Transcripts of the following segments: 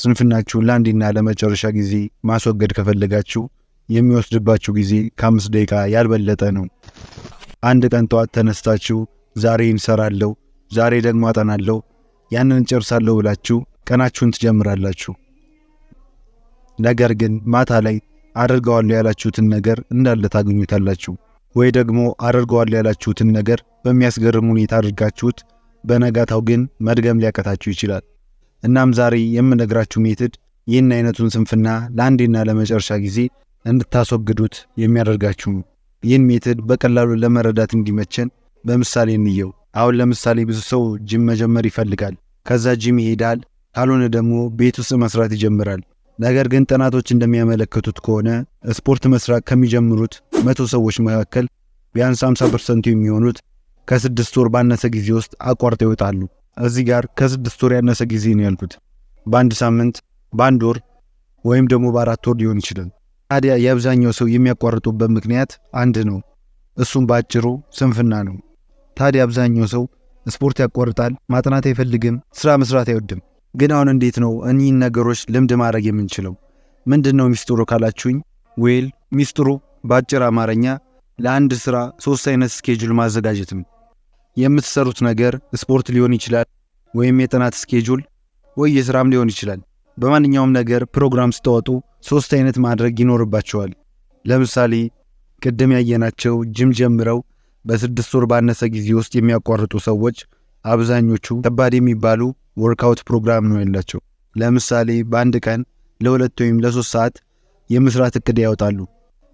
ስንፍናችሁን ለአንዴና ለመጨረሻ ጊዜ ማስወገድ ከፈለጋችሁ የሚወስድባችሁ ጊዜ ከአምስት ደቂቃ ያልበለጠ ነው። አንድ ቀን ጠዋት ተነስታችሁ ዛሬ እንሰራለሁ፣ ዛሬ ደግሞ አጠናለሁ፣ ያንን ጨርሳለሁ ብላችሁ ቀናችሁን ትጀምራላችሁ። ነገር ግን ማታ ላይ አደርገዋለሁ ያላችሁትን ነገር እንዳለ ታገኙታላችሁ። ወይ ደግሞ አደርገዋለሁ ያላችሁትን ነገር በሚያስገርም ሁኔታ አድርጋችሁት በነጋታው ግን መድገም ሊያቀታችሁ ይችላል። እናም ዛሬ የምነግራችሁ ሜትድ ይህን አይነቱን ስንፍና ለአንዴና ለመጨረሻ ጊዜ እንድታስወግዱት የሚያደርጋችሁ ነው። ይህን ሜትድ በቀላሉ ለመረዳት እንዲመቸን በምሳሌ እንየው። አሁን ለምሳሌ ብዙ ሰው ጅም መጀመር ይፈልጋል። ከዛ ጅም ይሄዳል፣ ካልሆነ ደግሞ ቤት ውስጥ መስራት ይጀምራል። ነገር ግን ጥናቶች እንደሚያመለክቱት ከሆነ ስፖርት መስራት ከሚጀምሩት መቶ ሰዎች መካከል ቢያንስ 50 ፐርሰንቱ የሚሆኑት ከስድስት ወር ባነሰ ጊዜ ውስጥ አቋርጠው ይወጣሉ። እዚህ ጋር ከስድስት ወር ያነሰ ጊዜ ነው ያልኩት። በአንድ ሳምንት፣ በአንድ ወር ወይም ደግሞ በአራት ወር ሊሆን ይችላል። ታዲያ የአብዛኛው ሰው የሚያቋርጡበት ምክንያት አንድ ነው። እሱም በአጭሩ ስንፍና ነው። ታዲያ አብዛኛው ሰው ስፖርት ያቋርጣል፣ ማጥናት አይፈልግም፣ ስራ መስራት አይወድም። ግን አሁን እንዴት ነው እኒህን ነገሮች ልምድ ማድረግ የምንችለው? ምንድን ነው ሚስጥሩ ካላችሁኝ፣ ዌል ሚስጥሩ በአጭር አማርኛ ለአንድ ስራ ሶስት አይነት ስኬጁል ማዘጋጀት ነው። የምትሰሩት ነገር ስፖርት ሊሆን ይችላል፣ ወይም የጥናት ስኬጁል ወይ የስራም ሊሆን ይችላል። በማንኛውም ነገር ፕሮግራም ስታወጡ ሶስት አይነት ማድረግ ይኖርባቸዋል። ለምሳሌ ቅድም ያየናቸው ጅም ጀምረው በስድስት ወር ባነሰ ጊዜ ውስጥ የሚያቋርጡ ሰዎች አብዛኞቹ ከባድ የሚባሉ ወርክአውት ፕሮግራም ነው ያላቸው። ለምሳሌ በአንድ ቀን ለሁለት ወይም ለሶስት ሰዓት የመስራት እቅድ ያወጣሉ።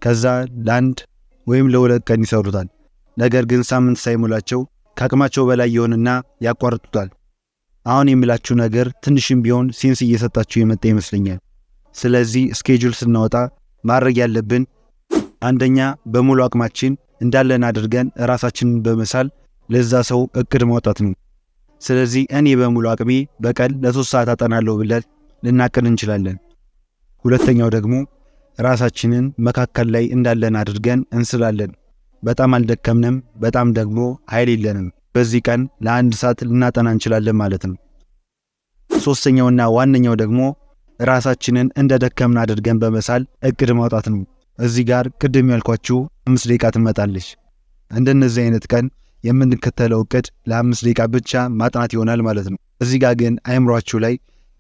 ከዛ ለአንድ ወይም ለሁለት ቀን ይሰሩታል። ነገር ግን ሳምንት ሳይሞላቸው ከአቅማቸው በላይ ይሆንና ያቋርጡታል። አሁን የሚላችሁ ነገር ትንሽም ቢሆን ሴንስ እየሰጣችሁ የመጣ ይመስለኛል። ስለዚህ ስኬጁል ስናወጣ ማድረግ ያለብን አንደኛ በሙሉ አቅማችን እንዳለን አድርገን ራሳችንን በመሳል ለዛ ሰው እቅድ ማውጣት ነው። ስለዚህ እኔ በሙሉ አቅሜ በቀን ለሶስት ሰዓት አጠናለሁ ብለን ልናቅድ እንችላለን። ሁለተኛው ደግሞ ራሳችንን መካከል ላይ እንዳለን አድርገን እንስላለን። በጣም አልደከምንም፣ በጣም ደግሞ ኃይል የለንም። በዚህ ቀን ለአንድ ሰዓት ልናጠና እንችላለን ማለት ነው። ሶስተኛውና ዋነኛው ደግሞ ራሳችንን እንደ ደከምን አድርገን በመሳል እቅድ ማውጣት ነው። እዚህ ጋር ቅድም ያልኳችሁ አምስት ደቂቃ ትመጣለች። እንደነዚህ አይነት ቀን የምንከተለው እቅድ ለአምስት ደቂቃ ብቻ ማጥናት ይሆናል ማለት ነው። እዚህ ጋር ግን አይምሯችሁ ላይ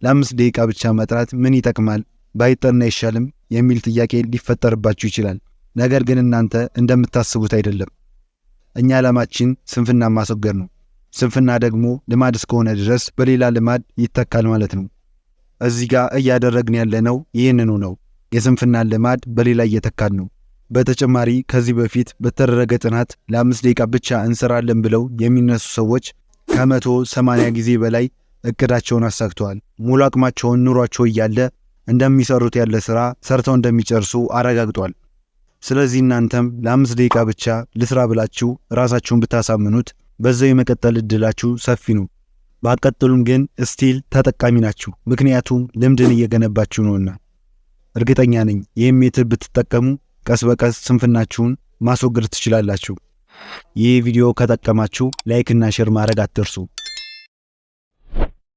ለአምስት ደቂቃ ብቻ መጥናት ምን ይጠቅማል፣ ባይጠና አይሻልም የሚል ጥያቄ ሊፈጠርባችሁ ይችላል። ነገር ግን እናንተ እንደምታስቡት አይደለም። እኛ ዓላማችን ስንፍና ማስወገድ ነው። ስንፍና ደግሞ ልማድ እስከሆነ ድረስ በሌላ ልማድ ይተካል ማለት ነው። እዚህ ጋር እያደረግን ያለነው ይህንኑ ነው። የስንፍናን ልማድ በሌላ እየተካል ነው። በተጨማሪ ከዚህ በፊት በተደረገ ጥናት ለአምስት ደቂቃ ብቻ እንሰራለን ብለው የሚነሱ ሰዎች ከመቶ ሰማንያ ጊዜ በላይ እቅዳቸውን አሳክተዋል። ሙሉ አቅማቸውን ኑሯቸው እያለ እንደሚሰሩት ያለ ስራ ሰርተው እንደሚጨርሱ አረጋግጧል። ስለዚህ እናንተም ለአምስት ደቂቃ ብቻ ልስራ ብላችሁ ራሳችሁን ብታሳምኑት በዛው የመቀጠል እድላችሁ ሰፊ ነው። ባቀጥሉም ግን ስቲል ተጠቃሚ ናችሁ፣ ምክንያቱም ልምድን እየገነባችሁ ነውና። እርግጠኛ ነኝ ይህም ሜትድ ብትጠቀሙ ቀስ በቀስ ስንፍናችሁን ማስወገድ ትችላላችሁ። ይህ ቪዲዮ ከጠቀማችሁ ላይክ ሼር ማድረግ አትርሱ።